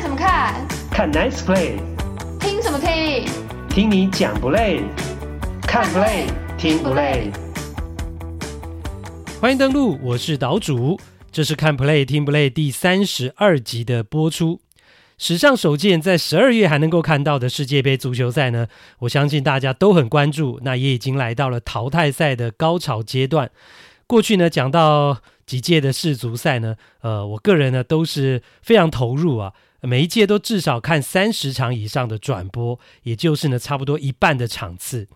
看什麼看？看 Nice Play。聽什麼聽？聽你講不累？看 Play 聽，聽不累？歡迎登錄，我是島主。這是看 Play 聽不累第三十二集的播出，史上首見在十二月還能夠看到的世界杯足球賽呢。我相信大家都很關注，那也已經來到了淘汰賽的高潮階段。過去呢，講到幾屆的世足賽呢，呃，我個人呢都是非常投入啊。每一屆都至少看三十場以上的轉播，也就是呢，差不多一半的場次。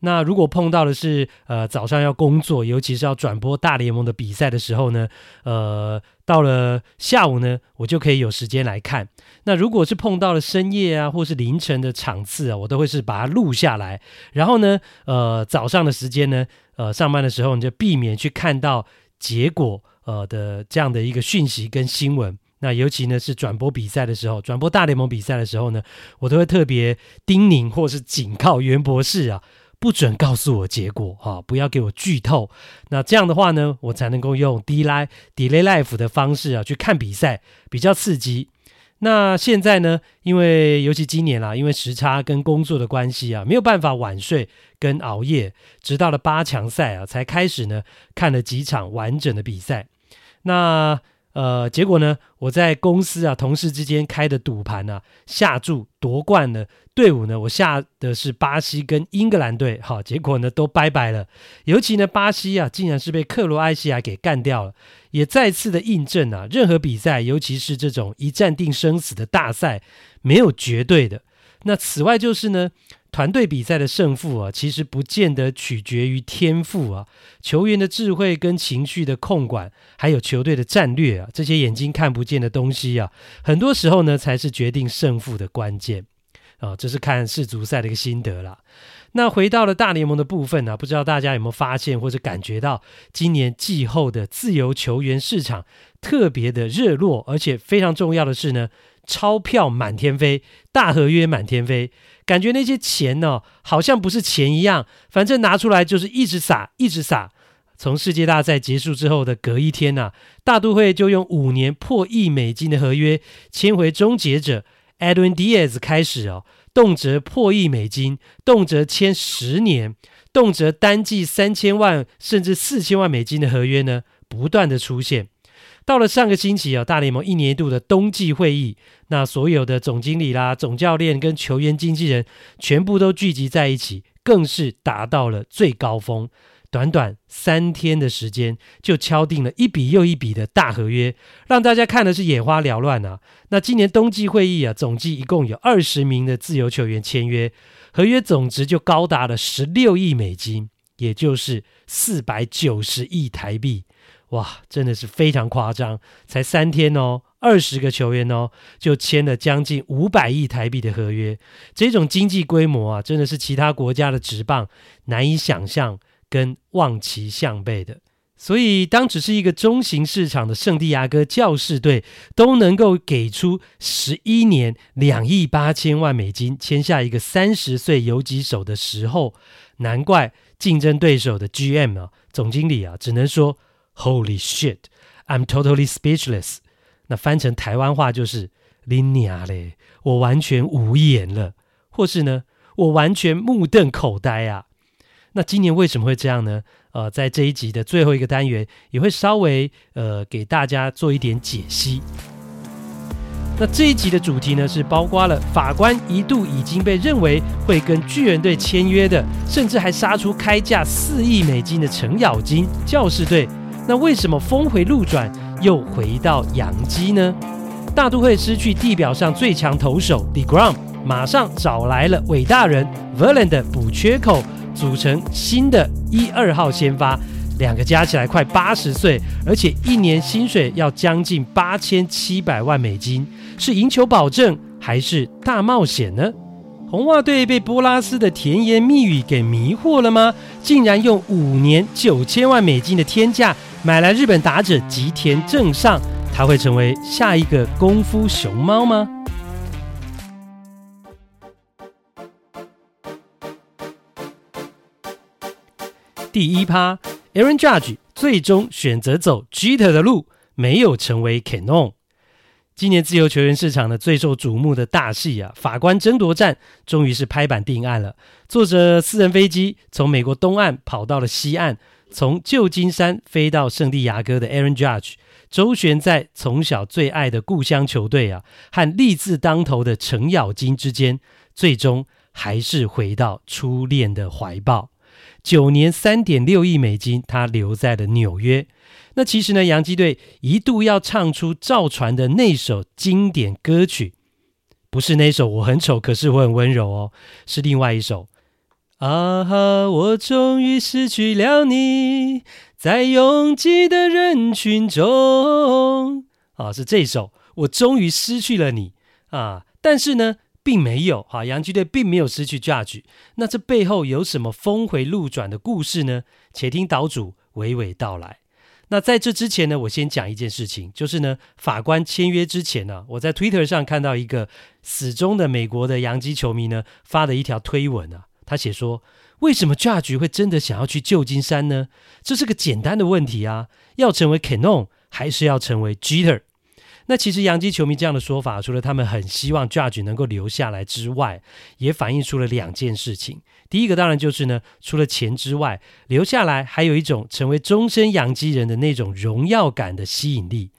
那如果碰到的是呃早上要工作，尤其是要轉播大聯盟的比賽的時候呢，呃，到了下午呢，我就可以有時間來看。那如果是碰到了深夜啊，或是凌晨的場次啊，我都會是把它錄下來。然後呢，呃，早上的時間呢，呃，上班的時候你就避免去看到結果呃的這樣的一個訊息跟新聞。那尤其呢是轉播比賽的時候，轉播大聯盟比賽的時候呢，我都會特別叮嚀或是警告袁博士啊，不准告訴我結果哈、啊，不要給我劇透。那這樣的話呢，我才能夠用 delay delay life 的方式啊去看比賽，比較刺激。那現在呢，因為尤其今年啦、啊，因為時差跟工作的關係啊，沒有辦法晚睡跟熬夜，直到了八強賽啊才開始呢看了幾場完整的比賽。那。呃，結果呢，我在公司啊同事之間開的賭盤啊，下注奪冠呢。隊伍呢，我下的是巴西跟英格蘭隊，好，結果呢都拜拜了，尤其呢巴西啊，竟然是被克羅埃西亞給幹掉了，也再次的印證啊，任何比賽，尤其是這種一戰定生死的大賽，沒有絕對的。那此外就是呢。團隊比賽的勝負啊，其實不見得取決於天賦啊，球員的智慧跟情緒的控管，還有球隊的戰略啊，這些眼睛看不見的東西啊，很多時候呢才是決定勝負的關鍵啊、哦。這是看世足賽的一個心得啦。那回到了大聯盟的部分呢、啊，不知道大家有沒有發現或者感覺到，今年季後的自由球員市場特別的熱絡，而且非常重要的是呢，鈔票滿天飛，大合約滿天飛。感覺那些錢呢、哦，好像不是錢一樣，反正拿出來就是一直撒，一直撒。從世界大賽結束之後的隔一天啊，大都會就用五年破億美金的合約簽回終結者 Edwin Diaz 開始哦，動輒破億美金，動輒簽十年，動輒單季三千萬甚至四千萬美金的合約呢，不斷的出現。到了上個星期啊，大聯盟一年一度的冬季會議，那所有的總經理啦、總教練跟球員經紀人全部都聚集在一起，更是達到了最高峰。短短三天的時間，就敲定了一筆又一筆的大合約，讓大家看的是眼花繚亂啊。那今年冬季會議啊，總計一共有二十名的自由球員簽約，合約總值就高達了十六億美金，也就是四百九十億台幣。哇，真的是非常誇張！才三天哦，二十個球員哦，就簽了將近五百億台幣的合約。這種經濟規模啊，真的是其他國家的職棒難以想象跟望其項背的。所以，當只是一個中型市場的聖地亞哥教士隊都能夠給出十一年兩億八千萬美金簽下一個三十歲遊擊手的時候，難怪競爭對手的 GM 啊，總經理啊，只能說。Holy shit, I'm totally speechless. 那翻成台灣話就是“林娘嘞”，我完全無言了，或是呢，我完全目瞪口呆啊。那今年為什麼會這樣呢？呃，在這一集的最後一個單元，也會稍微呃給大家做一點解析。那這一集的主題呢，是包括了法官一度已經被認為會跟巨人隊簽約的，甚至還殺出開價四億美金的程咬金，教士隊。那為什麼峰迴路轉又回到洋基呢？大都會失去地表上最強投手 deGrom 馬上找來了偉大人 Verlander 的補缺口，組成新的一二號先發，兩個加起來快八十歲，而且一年薪水要將近八千七百萬美金，是贏球保證還是大冒險呢？紅襪隊被波拉斯的甜言蜜語給迷惑了嗎？竟然用五年九千萬美金的天價。買來日本打者吉田正尚，他會成為下一個功夫熊貓嗎？第一趴，Aaron Judge 最終選擇走 Jeter 的路，沒有成為 Cano。今年自由球員市場的最受矚目的大戲啊，法官爭奪戰，終於是拍板定案了。坐着私人飛機從美國東岸跑到了西岸。從舊金山飛到聖地亞哥的 Aaron Judge，周旋在從小最愛的故鄉球隊啊和利字當頭的程咬金之間，最終還是回到初戀的懷抱。九年三點六億美金，他留在了紐約。那其實呢，洋基隊一度要唱出趙傳的那首經典歌曲，不是那首我很醜可是我很溫柔哦，是另外一首。啊哈！我終於失去了你，在擁擠的人群中。啊，是這一首《我終於失去了你》啊。但是呢，並沒有啊，洋基隊並沒有失去 Judge。那這背後有什麼峰回路轉的故事呢？且聽島主娓娓道來。那在這之前呢，我先講一件事情，就是呢，法官簽約之前呢，啊，我在 Twitter 上看到一個死忠的美國的洋基球迷呢發的一條推文啊。他寫說：“為什麼 Judge 會真的想要去舊金山呢？這是個簡單的問題啊。要成為 Cano 還是要成為 Jeter？那其實洋基球迷這樣的說法，除了他們很希望 Judge 能夠留下來之外，也反映出了兩件事情。第一個當然就是呢，除了錢之外，留下來還有一種成為終身洋基人的那種榮耀感的吸引力。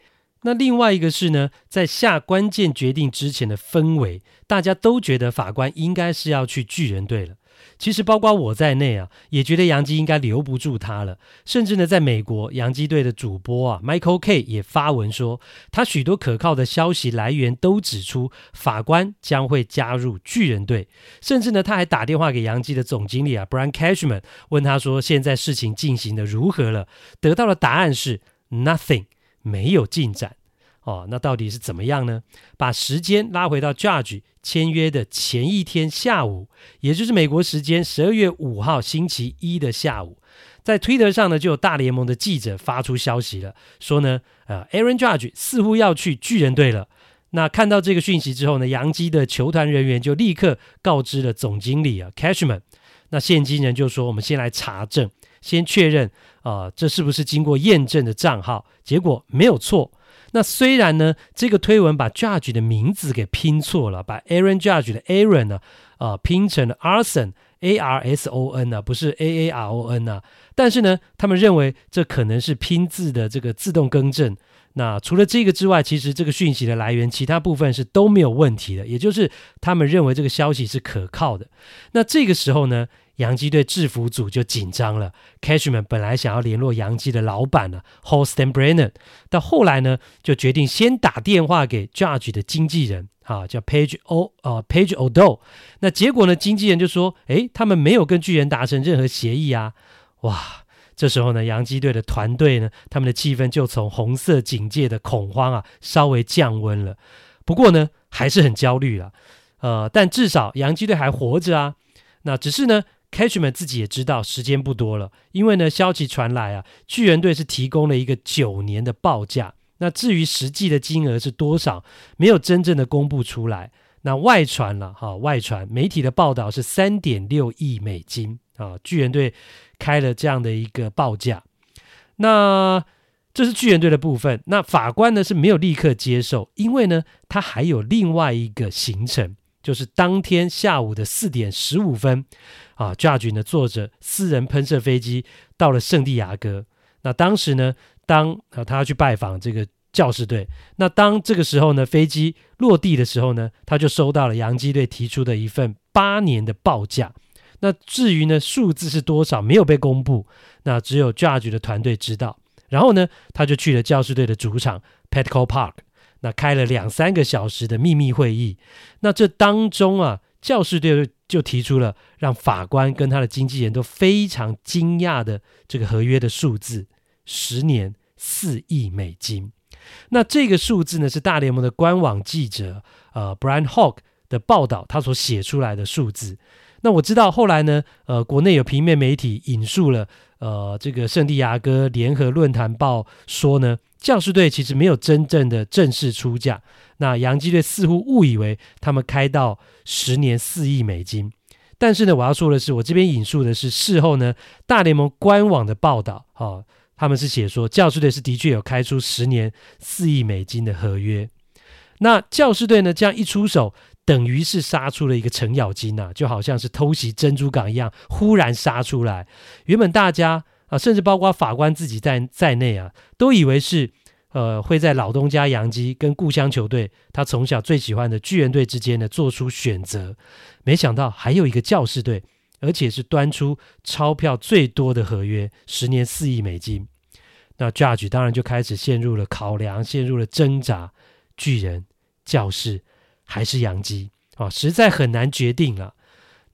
那另外一個是呢，在下關鍵決定之前的氛圍，大家都覺得法官應該是要去巨人隊了。”其實包括我在內啊，也覺得洋基應該留不住他了。甚至呢，在美國洋基隊的主播啊，Michael Kay 也發文說，他許多可靠的消息來源都指出，法官將會加入巨人隊。甚至呢，他還打電話給洋基的總經理啊，Brian Cashman，問他說現在事情進行得如何了。得到的答案是 nothing，沒有進展。哦，那到底是怎麼樣呢？把時間拉回到 Judge 簽約的前一天下午，也就是美國時間十二月五號星期一的下午，在 Twitter 上呢就有大聯盟的記者發出消息了，說呢，呃，Aaron Judge 似乎要去巨人隊了。那看到這個訊息之後呢，洋基的球團人員就立刻告知了總經理啊，Cashman。那現金人就說：“我們先來查證，先確認啊，呃，這是不是經過驗證的賬號？”結果沒有錯。那雖然呢，這個推文把 Judge 的名字給拼錯了，把 Aaron Judge 的 Aaron 呢，啊，啊，呃，拼成了 Arson，A-R-S-O-N 啊，不是 A-A-R-O-N 啊。但是呢，他們認為這可能是拼字的這個自動更正。那除了這個之外，其實這個訊息的來源，其他部分是都沒有問題的，也就是他們認為這個消息是可靠的。那這個時候呢，洋基隊制服組就緊張了。Cashman 本來想要聯絡洋基的老板呢、啊、Hal Steinbrenner，但後來呢，就決定先打電話給 Judge 的經紀人，啊，叫 Page O 啊、呃、，Page Odle。那結果呢，經紀人就說：“誒，他們沒有跟巨人達成任何協議啊。”哇，這時候呢，洋基隊的團隊呢，他們的氣氛就從紅色警戒的恐慌啊，稍微降溫了。不過呢，還是很焦慮了、啊。呃，但至少洋基隊還活着啊。那只是呢。Cashman 自己也知道時間不多了，因為呢，消息傳來啊，巨人隊是提供了一個九年的報價。那至於實際的金額是多少，沒有真正的公布出來。那外傳了、啊、哈、哦，外傳媒體的報道是三點六億美金啊、哦，巨人隊開了這樣的一個報價。那這是巨人隊的部分，那法官呢是沒有立刻接受，因為呢，他還有另外一個行程。就是當天下午的四點十五分，啊，Judge 呢坐着私人噴射飛機到了聖地亞哥。那當時呢，當啊他要去拜訪這個教士隊。那當這個時候呢，飛機落地的時候呢，他就收到了洋基隊提出的一份八年的報價。那至於呢數字是多少，沒有被公布。那只有 Judge 的團隊知道。然後呢，他就去了教士隊的主場 Petco Park。那開了兩三個小時的秘密會議，那這當中啊，教士隊就，就提出了讓法官跟他的經紀人都非常驚訝的這個合約的數字，十年四億美金。那這個數字呢，是大聯盟的官網記者呃 Bryan Hoch 的報道，他所寫出來的數字。那我知道後來呢，呃，國內有平面媒體引述了。呃，這個聖地亞哥聯合論壇報說呢，教士隊其實沒有真正的正式出價，那洋基隊似乎誤以為他們開到十年四億美金。但是呢，我要說的是，我這邊引述的是事後呢大聯盟官網的報道，哦，他們是寫說，教士隊是的確有開出十年四億美金的合約。那教士隊呢這樣一出手。等於是殺出了一個程咬金吶、啊，就好像是偷襲珍珠港一樣，忽然殺出來。原本大家啊，甚至包括法官自己在在內啊，都以為是呃會在老東家楊基跟故鄉球隊他從小最喜歡的巨人隊之間呢做出選擇。沒想到還有一個教士隊，而且是端出鈔票最多的合約，十年四億美金。那 Judge 當然就開始陷入了考量，陷入了掙扎。巨人教士。還是洋基啊，實在很難決定了啊。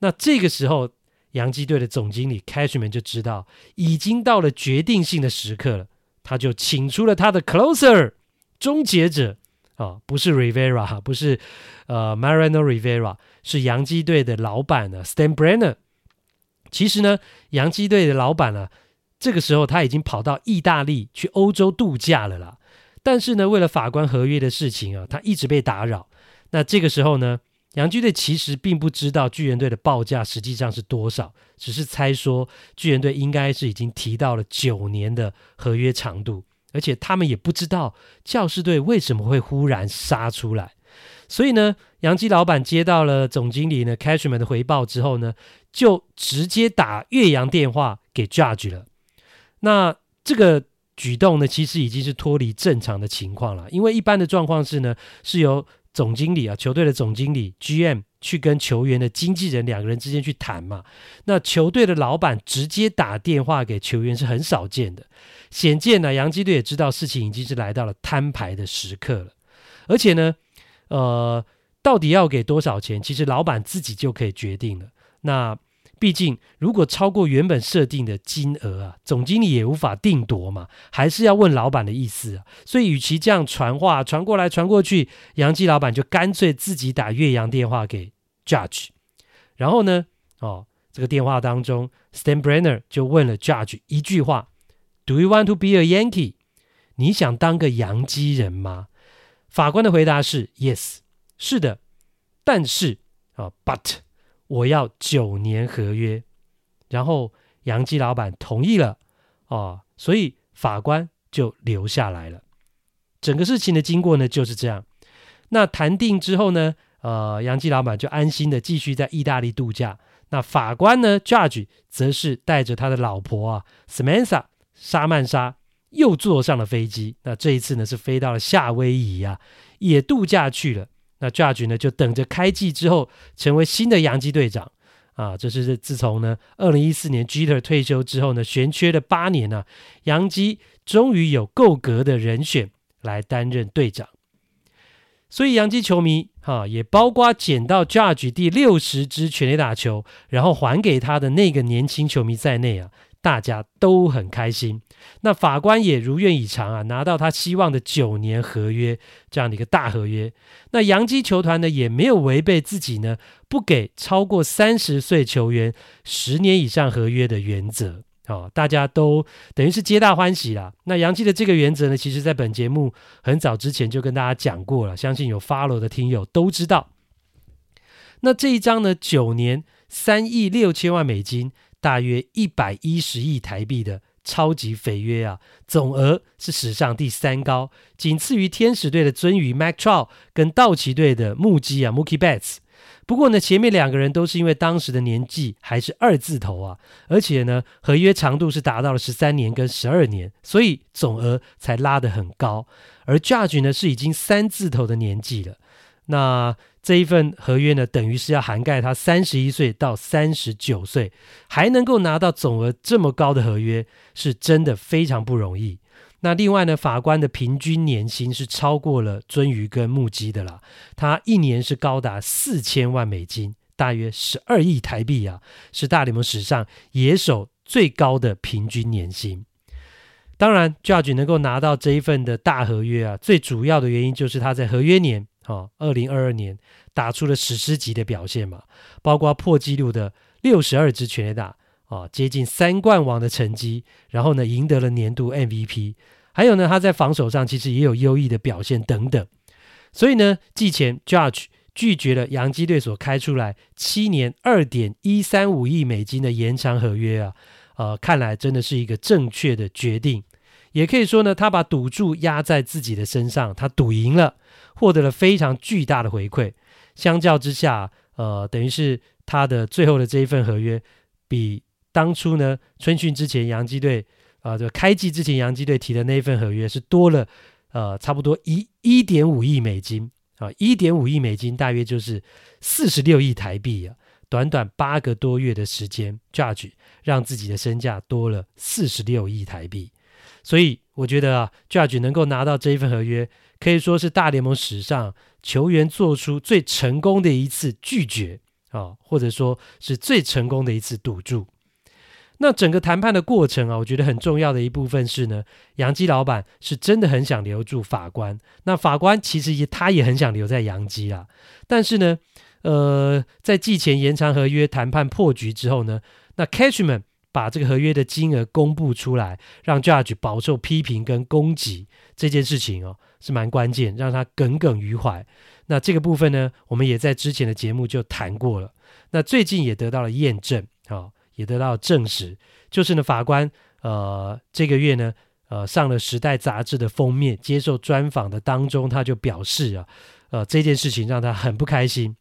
那這個時候，洋基隊的總經理 Cashman 就知道已經到了決定性的時刻了，他就請出了他的 Closer 終結者啊，哦，不是 Rivera，不是呃 Mariano Rivera，是洋基隊的老板了啊，Steinbrenner。其實呢，洋基隊的老板呢、啊，這個時候他已經跑到意大利，去歐洲度假了啦。但是呢，為了法官合約的事情啊，他一直被打擾。那這個時候呢，洋基隊其實並不知道巨人隊的報價實際上是多少，只是猜說巨人隊應該是已經提到了九年的合約長度，而且他們也不知道教士隊為什麼會忽然殺出來。所以呢，洋基老板接到了總經理呢 Cashman 的回報之後呢，就直接打越洋電話給 Judge 了。那這個舉動呢，其實已經是脫離正常的情況了，因為一般的狀況是呢，是由總經理啊，球隊的總經理 GM 去跟球員的經紀人兩個人之間去談嘛。那球隊的老闆直接打電話給球員是很少見的，顯見呢，洋基隊也知道事情已經是來到了攤牌的時刻了。而且呢，呃，到底要給多少錢，其實老闆自己就可以決定了。那。畢竟，如果超過原本設定的金額啊，總經理也無法定奪嘛，還是要問老板的意思啊。所以，與其這樣傳話傳過來傳過去，洋基老板就乾脆自己打越洋電話給 Judge。然後呢，哦，這個電話當中，Stan Brenner 就問了 Judge 一句話：“Do you want to be a Yankee？” 你想當個洋基人嗎？法官的回答是 “Yes”，是的。但是哦 but 我要九年合約，然後楊基老板同意了，哦，所以法官就留下來了。整個事情的經過呢就是這樣。那談定之後呢，呃，楊基老板就安心地繼續在意大利度假。那法官呢，Judge 則是帶着他的老婆啊，Samantha 沙曼莎，又坐上了飛機。那這一次呢是飛到了夏威夷啊，也度假去了。那 Judge 呢，就等着開季之後成為新的洋基隊長啊！這是自從呢，二零一四年 Jeter 退休之後呢，懸缺的八年呢、啊，洋基終於有夠格的人選來擔任隊長。所以洋基球迷哈、啊，也包括撿到 Judge 第六十支全壘打球，然後還給他的那個年輕球迷在內啊。大家都很開心，那法官也如願以償啊，拿到他希望的九年合約，這樣的一個大合約。那洋基球團呢，也沒有違背自己呢，不給超過三十歲球員十年以上合約的原則哦，大家都等於是皆大歡喜啦。那洋基的這個原則呢，其實在本節目很早之前就跟大家講過了，相信有 follow 的聽友都知道。那這一張呢，九年三億六千萬美金。大約一百一十億台幣的超級肥約啊，總額是史上第三高，僅次於天使隊的鱒魚 Mike Trout 跟道奇隊的木基啊 Mookie Betts。不過呢，前面兩個人都是因為當時的年紀還是二字頭啊，而且呢，合約長度是達到了十三年跟十二年，所以總額才拉得很高。而 Judge 呢，是已經三字頭的年紀了，那。這一份合約呢，等於是要涵蓋他三十一歲到三十九歲，還能夠拿到總額這麼高的合約，是真的非常不容易。那另外呢，法官的平均年薪是超過了鱒魚跟穆基的啦，他一年是高達四千萬美金，大約十二億台幣啊，是大聯盟史上野手最高的平均年薪。當然 Judge 能夠拿到這一份的大合約啊，最主要的原因就是他在合約年。啊、哦，二零二二年打出了史詩級的表現嘛，包括破紀錄的六十二支全壘打啊、哦，接近三冠王的成績，然後呢贏得了年度 MVP，還有呢，他在防守上其實也有優異的表現等等。所以呢，季前 Judge 拒絕了洋基隊所開出來七年二點一三五億美金的延長合約啊，呃，看來真的是一個正確的決定，也可以說呢，他把賭注壓在自己的身上，他賭贏了。獲得了非常巨大的回饋，相較之下，呃，等於是他的最後的這一份合約，比當初呢，春訓之前洋基隊啊，這個，呃，開季之前洋基隊提的那一份合約是多了，呃，差不多一一點五億美金啊，一點五億美金大約就是四十六億台幣啊，短短八個多月的時間，Judge 讓自己的身價多了四十六億台幣，所以我覺得啊，Judge 能夠拿到這一份合約，可以說是大聯盟史上球員做出最成功的一次拒絕啊、哦，或者說是最成功的一次賭注。那整個談判的過程啊，我覺得很重要的一部分是呢，洋基老板是真的很想留住法官。那法官其實也他也很想留在洋基啊，但是呢，呃，在季前延長合約談判破局之後呢，那 Cashman 把這個合約的金額公布出來，讓 Judge 飽受批評跟攻擊這件事情哦。是蠻關鍵，讓他耿耿於懷。那這個部分呢，我們也在之前的節目就談過了。那最近也得到了驗證，啊、哦，也得到了證實，就是呢，法官呃，這個月呢，呃，上了《時代》雜誌的封面，接受專訪的當中，他就表示啊，呃，這件事情讓他很不開心。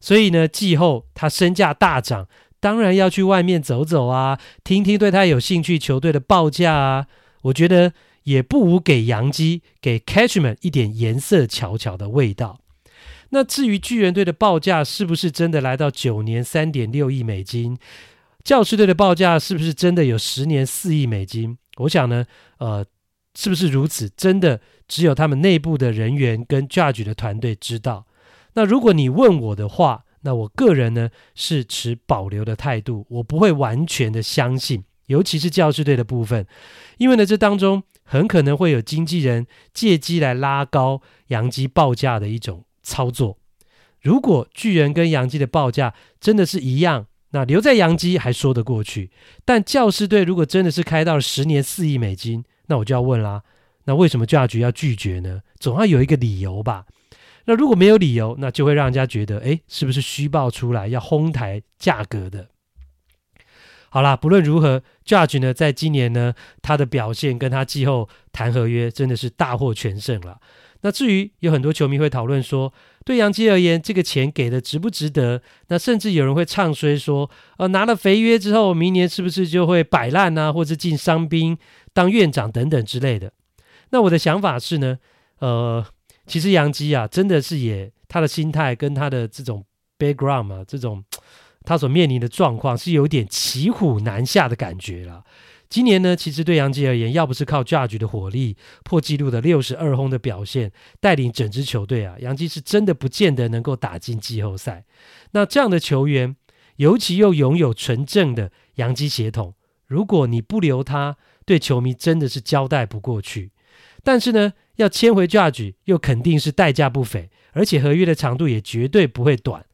所以呢，季後他身價大漲，當然要去外面走走啊，聽聽對他有興趣球隊的報價啊。我覺得。也不無給洋基給 Catchman 一點顏色瞧瞧的味道。那至於巨人隊的報價是不是真的來到九年三點六億美金，教士隊的報價是不是真的有十年四億美金？我想呢，呃，是不是如此？真的只有他們內部的人員跟 Judge 的團隊知道。那如果你問我的話，那我個人呢是持保留的態度，我不會完全的相信，尤其是教士隊的部分，因為呢這當中。很可能會有經紀人借機來拉高洋基報價的一種操作。如果巨人跟洋基的報價真的是一樣，那留在洋基還說得過去。但教士隊，如果真的是開到了十年四億美金，那我就要問啦、啊，那為什麼教育局要拒絕呢？總要有一個理由吧？那如果沒有理由，那就會讓人家覺得，哎，是不是虛報出來要哄抬價格的？好啦，不論如何，Judge 呢，在今年呢，他的表現跟他季後談合約真的是大獲全勝啦。那至於有很多球迷會討論說，對洋基而言，這個錢給的值不值得？那甚至有人會唱衰說，呃，拿了肥約之後，明年是不是就會擺爛啊，或是進傷兵當院長等等之類的？那我的想法是呢，呃，其實洋基啊，真的是也他的心態跟他的這種 background 啊，這種。他所面臨的狀況是有點騎虎難下的感覺了。今年呢，其實對洋基而言，要不是靠賈吉的火力破紀錄的六十二轟的表現，帶領整支球隊啊，洋基是真的不見得能夠打進季後賽。那這樣的球員，尤其又擁有純正的洋基血統，如果你不留他，對球迷真的是交代不過去。但是呢，要簽回賈吉，又肯定是代價不菲，而且合約的長度也絕對不會短。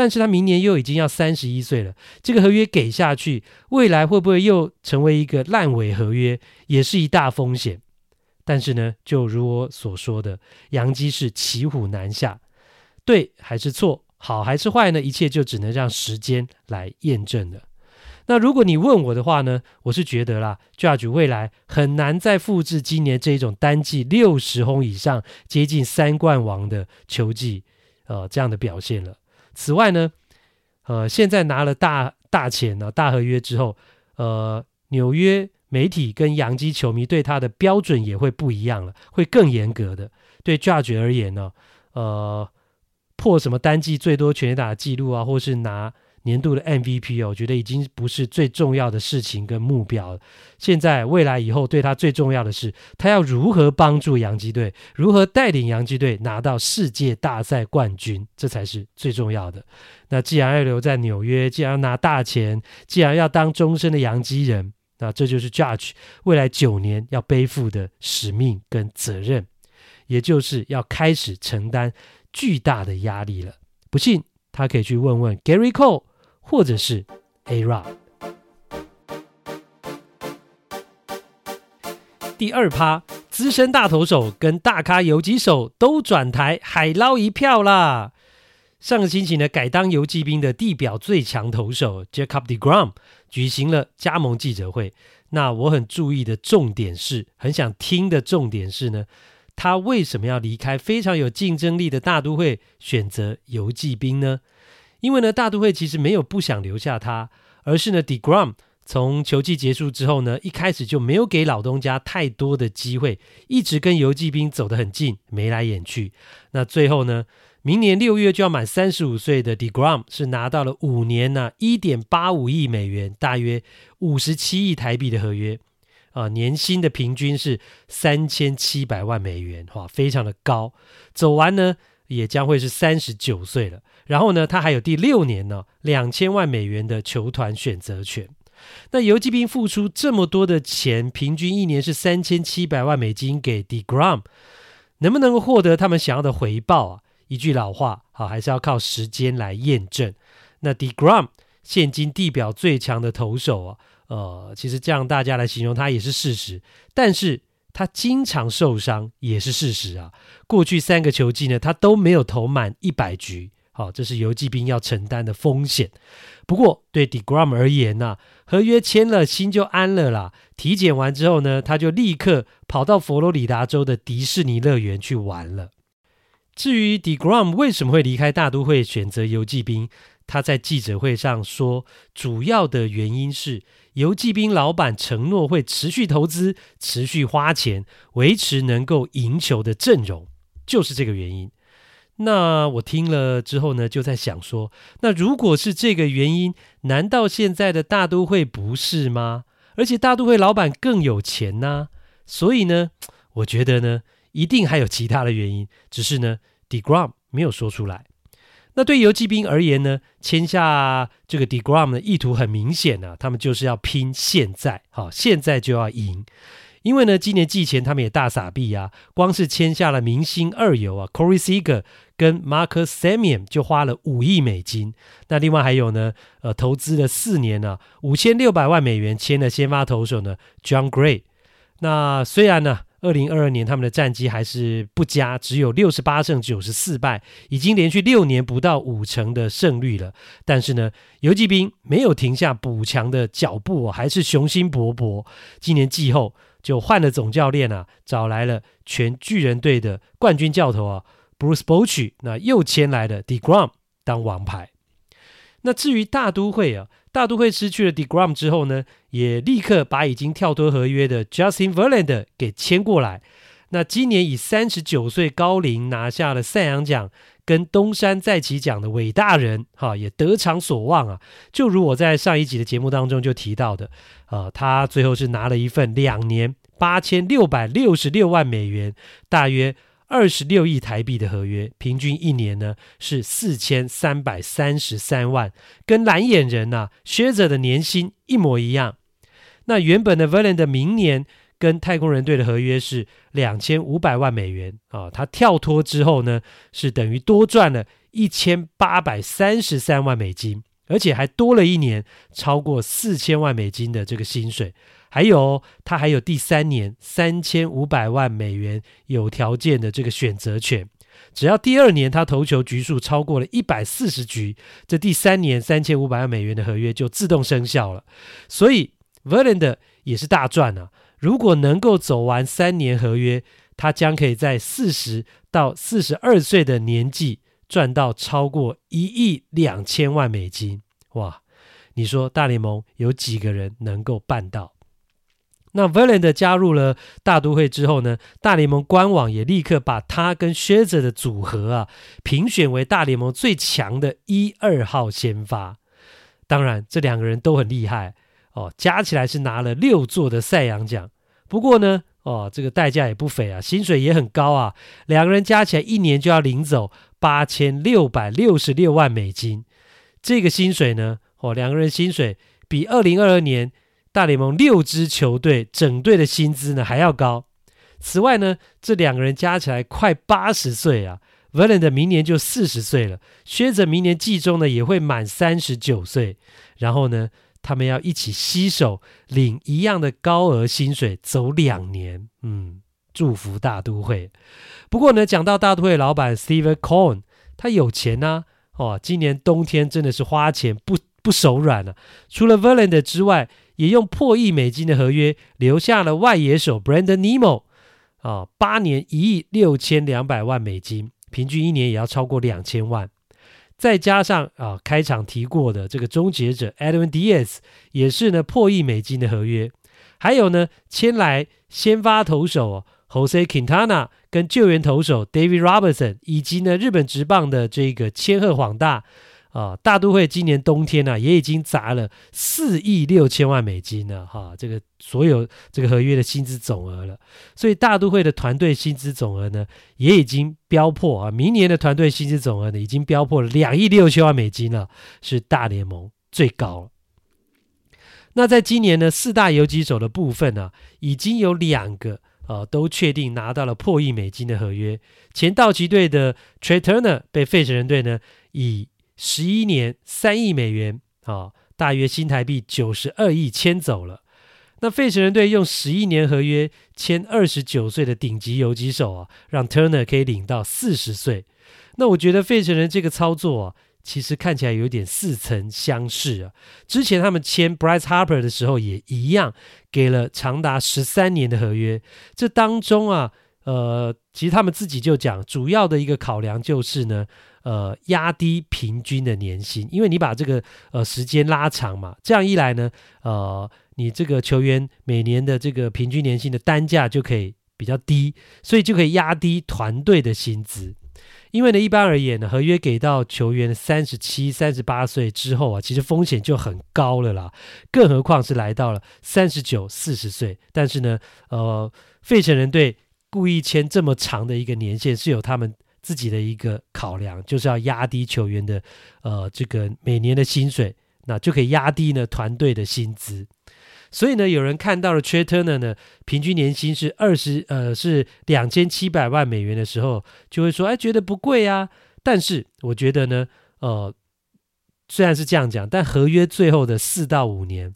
但是他明年又已經要三十一歲了，這個合約給下去，未來會不會又成為一個爛尾合約，也是一大風險。但是呢，就如我所說的，洋基是騎虎難下，對還是錯，好還是壞呢？一切就只能讓時間來驗證了。那如果你問我的話呢，我是覺得啦，Judge 未來很難再複製今年這一種單季六十轟以上，接近三冠王的球季，呃，這樣的表現了。此外呢，呃，現在拿了大大錢呢，啊，大合約之後，呃，紐約媒體跟洋基球迷對他的標準也會不一樣了，會更嚴格的。對 Judge 而言呢，啊，呃，破什麼單季最多全壘打的記錄啊，或是拿年度的 MVP 哦，我覺得已經不是最重要的事情跟目標了。現在未來以後對他最重要的是，他要如何幫助洋基隊，如何帶領洋基隊拿到世界大賽冠軍，這才是最重要的。那既然要留在紐約，既然要拿大錢，既然要當終身的洋基人，那這就是 Judge 未來九年要背負的使命跟責任，也就是要開始承擔巨大的壓力了。不信，他可以去問問 Gerrit Cole。或者是 A-Rod。第二趴，資深大投手跟大咖游擊手都轉檯海撈一票啦。上個星期呢，改當遊騎兵的地表最強投手 Jacob deGrom 舉行了加盟記者會。那我很注意的重點是，很想聽的重點是呢，他為什麼要離開非常有競爭力的大都會，選擇遊騎兵呢？因為呢，大都會其實沒有不想留下他，而是呢，deGrom 從球季結束之後呢，一開始就沒有給老東家太多的機會，一直跟遊騎兵走得很近，眉來眼去。那最後呢，明年六月就要滿三十五歲的 deGrom 是拿到了五年吶一點八五億美元，大約五十七億台幣的合約，啊，年薪的平均是三千七百萬美元，哇，非常的高。走完呢，也將會是三十九歲了。然後呢，他還有第六年呢，哦，兩千萬美元的球團選擇權。那遊騎兵付出這麼多的錢，平均一年是三千七百萬美金給 deGrom。能不能夠獲得他們想要的回報啊？一句老話，好，還是要靠時間來驗證。那 deGrom 現今地表最強的投手啊，呃，其實這樣大家來形容他也是事實，但是他經常受傷也是事實啊。過去三個球季呢，他都沒有投滿一百局。哦，這是遊騎兵要承擔的風險。不過，對 deGrom 而言呢、啊，合約簽了，心就安了啦。體檢完之後呢，他就立刻跑到佛羅里達州的迪士尼樂園去玩了。至於 deGrom 為什麼會離開大都會，選擇遊騎兵，他在記者會上說，主要的原因是遊騎兵老闆承諾會持續投資、持續花錢，維持能夠贏球的陣容，就是這個原因。那我聽了之後呢，就在想說，那如果是這個原因，難道現在的大都會不是嗎？而且大都會老板更有錢呢、啊、所以呢，我覺得呢，一定還有其他的原因，只是呢 deGrom 沒有說出來。那對遊騎兵而言呢，簽下這個 deGrom 的意圖很明顯啊，他們就是要拼現在，好，現在就要贏。因為呢，今年季前他們也大撒幣啊，光是簽下了明星二游啊，Corey Seager 跟 Marcus Semien 就花了五億美金。那另外還有呢，呃，投資了四年呢、啊，五千六百萬美元簽了先發投手呢，John Gray。那雖然呢，二零二二年他們的戰績還是不佳，只有六十八勝九十四敗，已經連續六年不到五成的勝率了。但是呢，遊騎兵沒有停下補強的腳步、啊，還是雄心勃勃。今年季後就換了總教練啊，找來了全巨人隊的冠軍教頭啊，Bruce Bochy，那又簽來了 deGrom 當王牌。那至於大都會啊，大都會失去了 deGrom 之後呢，也立刻把已經跳脫合約的 Justin Verlander 給簽過來。那今年以三十九歲高齡拿下了賽揚獎跟東山再起獎的偉大人，哈，也得償所望啊！就如我在上一集的節目當中就提到的，呃，他最後是拿了一份兩年八千六百六十六萬美元，大約二十六億台幣的合約，平均一年呢是四千三百三十三萬，跟藍眼人吶、啊、學者的年薪一模一樣。那原本的 Verlander 的明年。跟太空人隊的合約是兩千五百萬美元啊，他跳脫之後呢，是等於多賺了一千八百三十三萬美金，而且還多了一年超過四千萬美金的這個薪水，還有、哦、他還有第三年三千五百萬美元有條件的這個選擇權，只要第二年他投球局數超過了一百四十局，這第三年三千五百萬美元的合約就自動生效了，所以 Verlander 也是大賺啊。如果能夠走完三年合約，他將可以在四十到四十二歲的年紀賺到超過一億兩千萬美金。哇！你說大聯盟有幾個人能夠辦到？那 Verlander 加入了大都會之後呢？大聯盟官網也立刻把他跟 Scherzer 的組合啊，評選為大聯盟最強的一二號先發。當然，這兩個人都很厲害。哦，加起來是拿了六座的賽揚獎。不過呢，哦，這個代價也不菲啊，薪水也很高啊。兩個人加起來一年就要領走八千六百六十六萬美金。這個薪水呢，哦，兩個人薪水比二零二二年大聯盟六支球隊整隊的薪資呢還要高。此外呢，這兩個人加起來快八十歲啊。韋蘭德明年就四十歲了，薛澤明年季中呢也會滿三十九歲。然後呢，他們要一起攜手領一樣的高額薪水，走兩年。嗯，祝福大都會。不過呢，講到大都會老闆 Steven Cohen，他有錢吶、啊，哦，今年冬天真的是花錢不不手軟啊，除了 Verlander 之外，也用破億美金的合約留下了外野手 Brandon Nimmo 啊、哦，八年一億六千兩百萬美金，平均一年也要超過兩千萬。再加上啊，開場提過的這個終結者 Edwin Diaz 也是呢，破億美金的合約，還有呢，簽來先發投手 Jose Quintana，跟救援投手 David Robertson，以及呢日本職棒的這個千賀滉大。啊，大都會今年冬天呢、啊，也已經砸了四億六千萬美金了，哈、啊，這個所有這個合約的薪資總額了。所以大都會的團隊薪資總額呢，也已經飆破啊，明年的團隊薪資總額呢，已經飆破了兩億六千萬美金了，是大聯盟最高。那在今年呢，四大游擊手的部分呢、啊，已經有兩個啊，都確定拿到了破億美金的合約。前道奇隊的 Trea Turner 被費城人隊呢，以十一年三億美元啊，哦，大約新台幣九十二億，簽走了。那費城人隊用十一年合約簽二十九歲的頂級游擊手啊，讓 Turner 可以領到四十歲。那我覺得費城人這個操作啊，其實看起來有點似曾相識啊。之前他們簽 Bryce Harper 的時候也一樣，給了長達十三年的合約。這當中啊，呃，其實他們自己就講，主要的一個考量就是呢，呃，壓低平均的年薪，因為你把這個呃時間拉長嘛，這樣一來呢，呃，你這個球員每年的這個平均年薪的單價就可以比較低，所以就可以壓低團隊的薪資。因為呢，一般而言呢，合約給到球員三十七、三十八歲之後啊，其實風險就很高了啦，更何況是來到了三十九、四十歲。但是呢，呃，費城人隊故意簽這麼長的一個年限，是有他們。自己的一個考量，就是要壓低球員的，呃，這個每年的薪水，那就可以壓低呢團隊的薪資。所以呢，有人看到了 Tre Turner 呢平均年薪是二十，呃，是兩千七百萬美元的時候，就會說，哎，覺得不貴啊。但是我覺得呢，呃，雖然是這樣講，但合約最後的四到五年，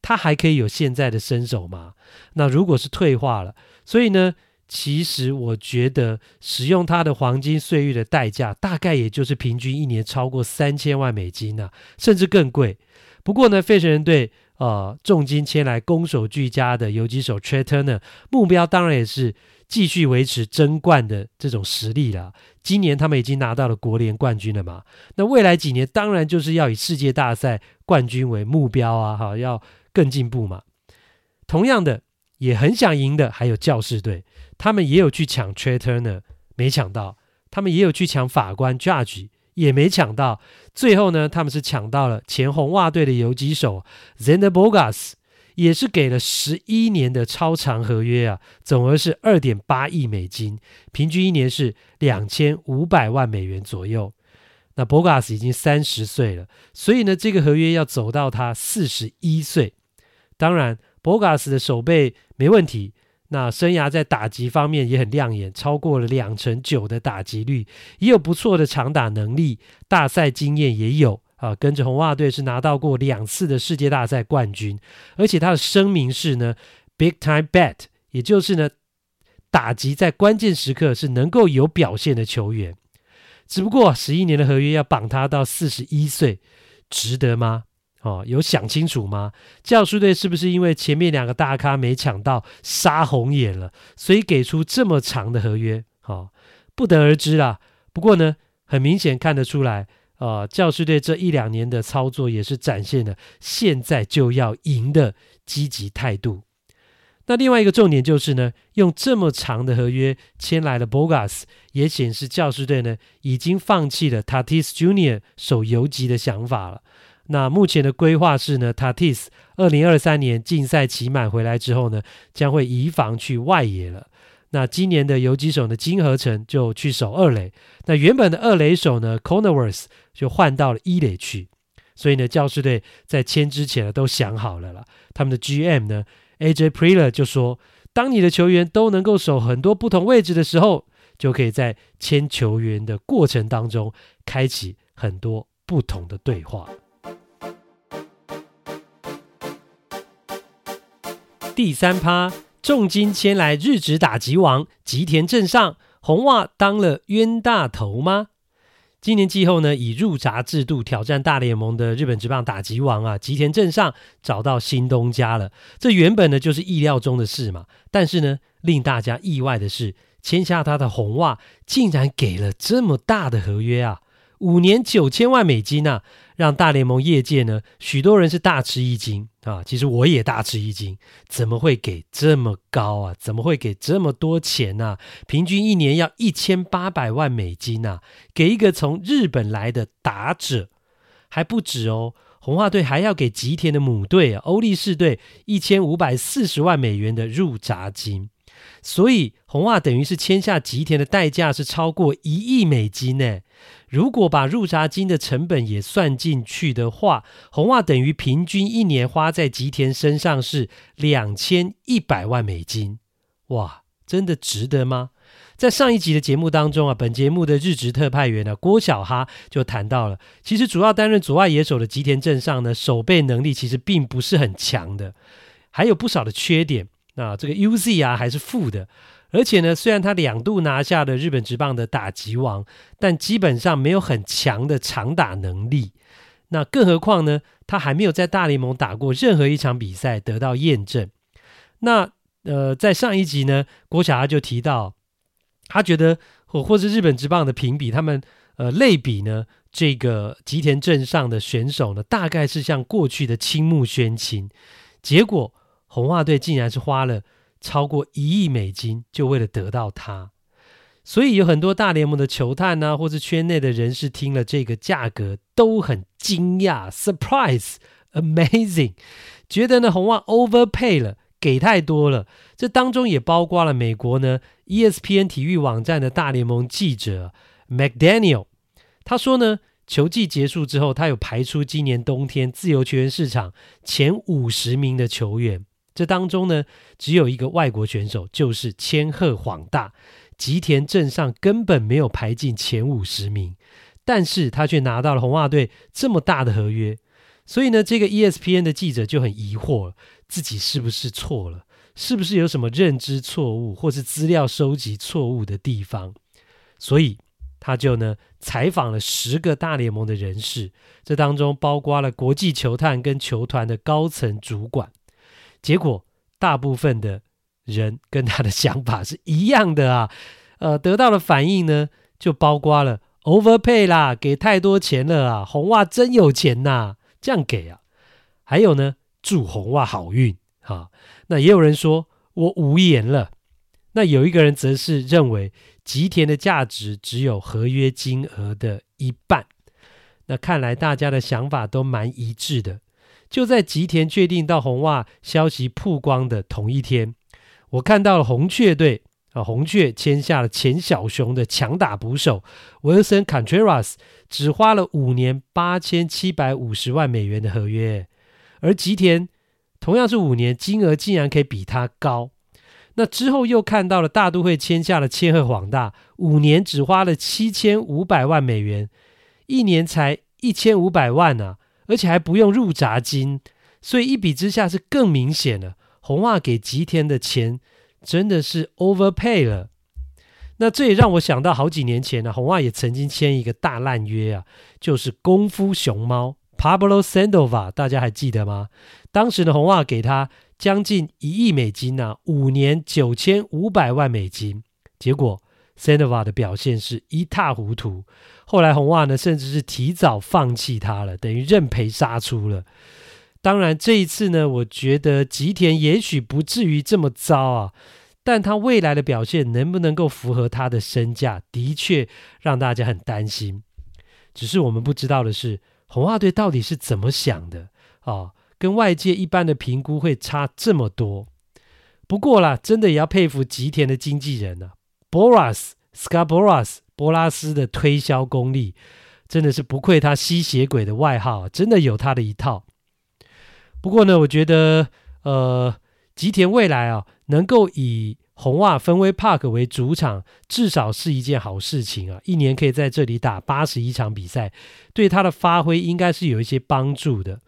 他還可以有現在的身手嘛？那如果是退化了，所以呢？其實我覺得使用他的黃金歲月的代價，大概也就是平均一年超過三千萬美金吶、啊，甚至更貴。不過呢，費城人隊呃，重金簽來攻守俱佳的游擊手 Trea Turner，目標當然也是繼續維持爭冠的這種實力啦。今年他們已經拿到了國聯冠軍了嘛，那未來幾年當然就是要以世界大賽冠軍為目標啊，好，要更進步嘛。同樣的，也很想贏的還有教士隊。他們也有去搶 Trea Turner 呢，沒搶到。他們也有去搶法官 judge，也沒搶到。最後呢，他們是搶到了前紅襪隊的游擊手 Xander Bogaerts，也是給了十一年的超長合約啊，總額是二點八億美金，平均一年是兩千五百萬美元左右。那 Bogaerts 已經三十歲了，所以呢，這個合約要走到他四十一歲。當然，Bogaerts 的守備沒問題。那生涯在打擊方面也很亮眼，超過了兩成九的打擊率，也有不錯的長打能力，大賽經驗也有啊。跟着紅襪隊是拿到過兩次的世界大賽冠軍，而且他的聲明是呢，big time bat，也就是呢，打擊在關鍵時刻是能夠有表現的球員。只不過十一年的合約要綁他到四十一歲，值得嗎？哦，有想清楚嗎？教士隊是不是因為前面兩個大咖沒搶到殺紅眼了，所以給出這麼長的合約？哦，不得而知啦。不過呢，很明顯看得出來啊、呃，教士隊這一兩年的操作也是展現了現在就要贏的積極態度。那另外一個重點就是呢，用這麼長的合約簽來了 Bogaerts，也顯示教士隊呢已經放棄了 Tatis Junior 守游擊的想法了。那目前的規劃是呢，Tatis 二零二三年禁賽期滿回來之後呢，將會移防去外野了。那今年的游擊手呢，金河成就去守二壘。那原本的二壘手呢，Cronenworth 就換到了一壘去。所以呢，教士隊在簽之前呢，都想好了啦，他們的 GM 呢，AJ Preller 就說，當你的球員都能夠守很多不同位置的時候，就可以在簽球員的過程當中開啟很多不同的對話。第三趴，重金簽來日職打擊王吉田正尚，紅襪當了冤大頭嗎？今年季後呢，以入札制度挑戰大聯盟的日本職棒打擊王啊，吉田正尚找到新東家了。這原本呢就是意料中的事嘛，但是呢，令大家意外的是，簽下他的紅襪竟然給了這麼大的合約啊！五年九千萬美金吶、啊，讓大聯盟業界呢，許多人是大吃一驚啊！其實我也大吃一驚，怎麼會給這麼高啊？怎麼會給這麼多錢呢、啊？平均一年要一千八百萬美金啊，給一個從日本來的打者還不止哦！紅襪隊還要給吉田的母隊啊，歐力士隊一千五百四十萬美元的入札金。所以紅襪等於是簽下吉田的代價是超過一億美金呢。如果把入札金的成本也算進去的話，紅襪等於平均一年花在吉田身上是兩千一百萬美金。哇，真的值得嗎？在上一集的節目當中啊，本節目的日職特派員呢、啊、郭小哈就談到了，其實主要擔任左外野手的吉田鎮上呢，守備能力其實並不是很強的，還有不少的缺點。那這個 UZR 啊還是負的，而且呢，雖然他兩度拿下了日本職棒的打擊王，但基本上沒有很強的長打能力。那更何況呢，他還沒有在大聯盟打過任何一場比賽得到驗證。那呃，在上一集呢，郭曉霞就提到，他覺得或或是日本職棒的評比，他們呃類比呢這個吉田正尚的選手呢，大概是像過去的青木宣親，結果。紅襪隊竟然是花了超過一億美金，就為了得到他，所以有很多大聯盟的球探吶、啊，或是圈內的人士聽了這個價格都很驚訝，surprise，amazing，覺得呢紅襪 overpay 了，給太多了。這當中也包括了美國呢 ESPN 體育網站的大聯盟記者 McDaniel，他說呢，球季結束之後，他有排出今年冬天自由球員市場前五十名的球員。這當中呢，只有一個外國選手，就是千賀滉大，吉田正尚根本沒有排進前五十名，但是他卻拿到了紅襪隊這麼大的合約，所以呢，這個 ESPN 的記者就很疑惑，自己是不是錯了，是不是有什麼認知錯誤或是資料收集錯誤的地方？所以他就呢採訪了十個大聯盟的人士，這當中包括了國際球探跟球團的高層主管。結果，大部分的人跟他的想法是一樣的啊，呃，得到的反應呢，就包括了 overpay 啦，給太多錢了啊，紅襪真有錢吶，這樣給啊，還有呢，祝紅襪好運啊，那也有人說，我無言了，那有一個人則是認為吉田的價值只有合約金額的一半，那看來大家的想法都蠻一致的。就在吉田確定到紅襪消息曝光的同一天，我看到了紅雀隊啊，紅雀簽下了前小熊的強打捕手維森坎特拉斯，只花了五年八千七百五十萬美元的合約，而吉田同樣是五年，金額竟然可以比他高。那之後又看到了大都會簽下了千賀滉大，五年只花了七千五百萬美元，一年才一千五百萬呢、啊。而且還不用入札金，所以一比之下是更明顯了。紅襪給吉田的錢真的是 overpay 了。那這也讓我想到好幾年前呢、啊，紅襪也曾經簽一個大爛約啊，就是功夫熊貓 Pablo Sandoval，大家還記得嗎？當時的紅襪給他將近一億美金吶、啊、五年九千五百萬美金，結果。森納瓦的表現是一塌糊塗，後來紅襪呢，甚至是提早放棄他了，等於認賠殺出了。當然，這一次呢，我覺得吉田也許不至於這麼糟啊，但他未來的表現能不能夠符合他的身價，的確讓大家很擔心。只是我們不知道的是，紅襪隊到底是怎麼想的？哦，跟外界一般的評估會差這麼多。不過啦，真的也要佩服吉田的經紀人啊。Boras Scarboras 波拉斯的推銷功力真的是不愧他吸血鬼的外號啊，真的有他的一套。不過呢，我覺得呃，吉田未來啊，能夠以紅襪芬威 Park 為主場，至少是一件好事情啊。一年可以在這裡打八十一場比賽，對他的發揮應該是有一些幫助的。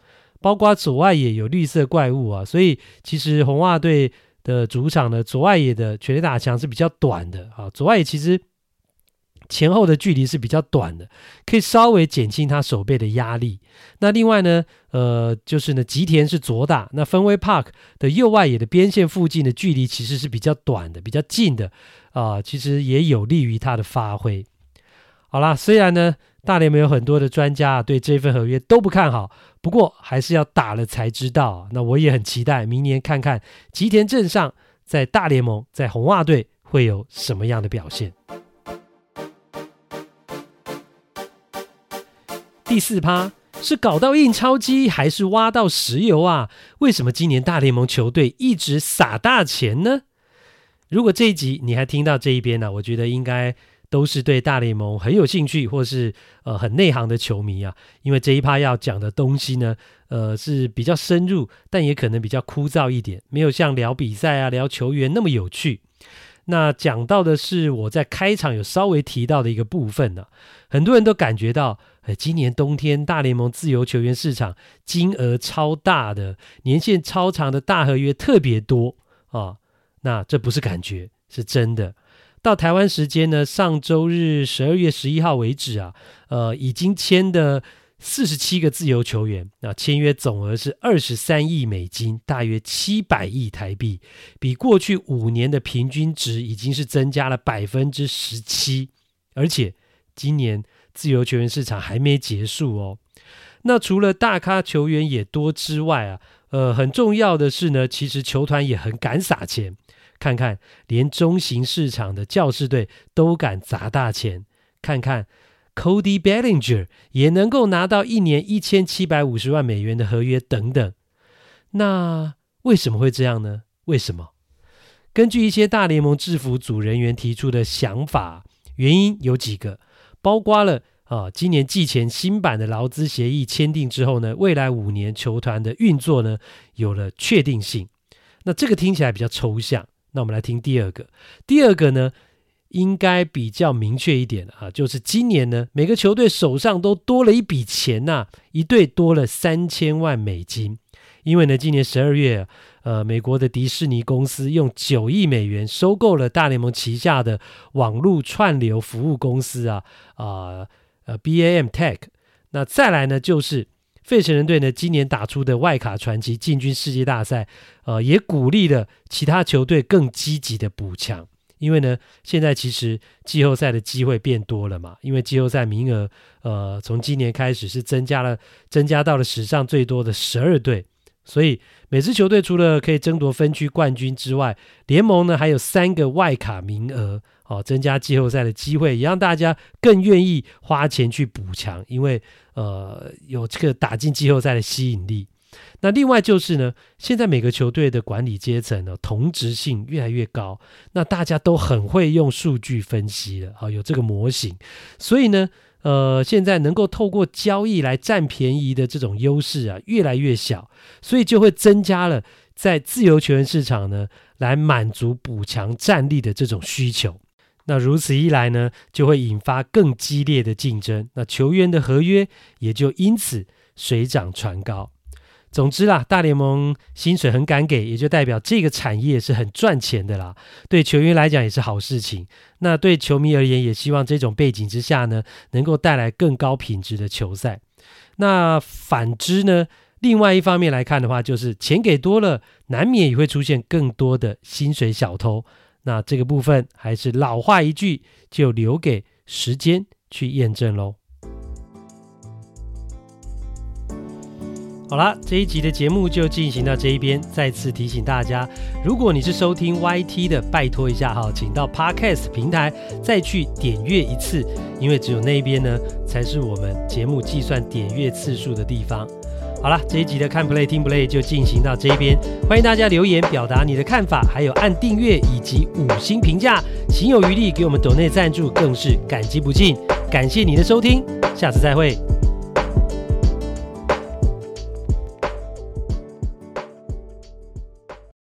包括左外野有綠色怪物啊，所以其實紅襪隊，的主場呢，左外野的全壘打牆是比較短的啊，左外野其實前後的距離是比較短的，可以稍微減輕他守備的壓力。那另外呢，呃，就是呢，吉田是左打，那 Fenway Park 的右外野的邊線附近的距離其實是比較短的，比較近的啊，其實也有利於他的發揮。好啦，雖然呢。大聯盟有很多的專家對這份合約都不看好，不過還是要打了才知道。那我也很期待明年看看吉田正尚在大聯盟、在紅襪隊會有什麼樣的表現。第四趴是搞到印鈔機還是挖到石油啊？為什麼今年大聯盟球隊一直撒大錢呢？如果這一集你還聽到這一邊呢、啊，我覺得應該。都是對大聯盟很有興趣，或是呃很內行的球迷啊。因為這一趴要講的東西呢，呃是比較深入，但也可能比較枯燥一點，沒有像聊比賽啊、聊球員那麼有趣。那講到的是我在開場有稍微提到的一個部分呢，啊，很多人都感覺到，哎，呃，今年冬天大聯盟自由球員市場金額超大的、年限超長的大合約特別多啊。那這不是感覺，是真的。到台灣時間呢，上週日十二月十一號為止啊，呃，已經簽的四十七個自由球員，那簽約總額是二十三億美金，大約七百億台幣，比過去五年的平均值已經是增加了百分之十七。而且今年自由球員市場還沒結束哦。那除了大咖球員也多之外啊，呃，很重要的是呢，其實球團也很敢撒錢。看看，連中型市場的教士隊都敢砸大錢，看看 Cody Bellinger 也能夠拿到一年一千七百五十萬美元的合約等等。那為什麼會這樣呢？為什麼？根據一些大聯盟制服組人員提出的想法，原因有幾個，包括了啊，今年季前新版的勞資協議簽議簽訂之後呢，未來五年球團的運作呢有了確定性。那這個聽起來比較抽象。那我們來聽第二個，第二個呢，應該比較明確一點啊，就是今年呢，每個球隊手上都多了一筆錢吶、啊，一隊多了三千萬美金，因為呢，今年十二月，呃，美國的迪士尼公司用九億美元收購了大聯盟旗下的網絡串流服務公司啊，啊、呃，呃，BAM Tech，那再來呢就是。費城人隊呢，今年打出的外卡傳奇進軍世界大賽，呃，也鼓勵了其他球隊更積極的補強，因為呢，現在其實季後賽的機會變多了嘛，因為季後賽名額，呃，從今年開始是增加了，增加到了史上最多的十二隊，所以每支球隊除了可以爭奪分區冠軍之外，聯盟呢還有三個外卡名額，哦、呃，增加季後賽的機會，也讓大家更願意花錢去補強，因為。呃，有這個打進季後賽的吸引力。那另外就是呢，現在每個球隊的管理階層呢，哦，同質性越來越高，那大家都很會用數據分析了，好，哦，有這個模型，所以呢，呃，現在能夠透過交易來佔便宜的這種優勢啊，越來越小，所以就會增加了在自由球員市場呢，來滿足補強戰力的這種需求。那如此一來呢，就會引發更激烈的競爭，那球員的合約也就因此水漲船高。總之啦，大聯盟薪水很敢給，也就代表這個產業是很賺錢的啦。對球員來講也是好事情，那對球迷而言，也希望這種背景之下呢，能夠帶來更高品質的球賽。那反之呢，另外一方面來看的話，就是錢給多了，難免也會出現更多的薪水小偷。那這個部分還是老話一句，就留給時間去驗證嘍。好啦，這一集的節目就進行到這一邊。再次提醒大家，如果你是收聽 YT 的，拜托一下哈，請到 Podcast 平台再去點閱一次，因為只有那邊呢才是我們節目計算點閱次數的地方。好啦，這一集的看 play 聽 play 就進行到這邊，歡迎大家留言表達你的看法，還有按訂閱以及五星評價，行有餘力給我們抖內贊助更是感激不盡，感謝你的收聽，下次再會。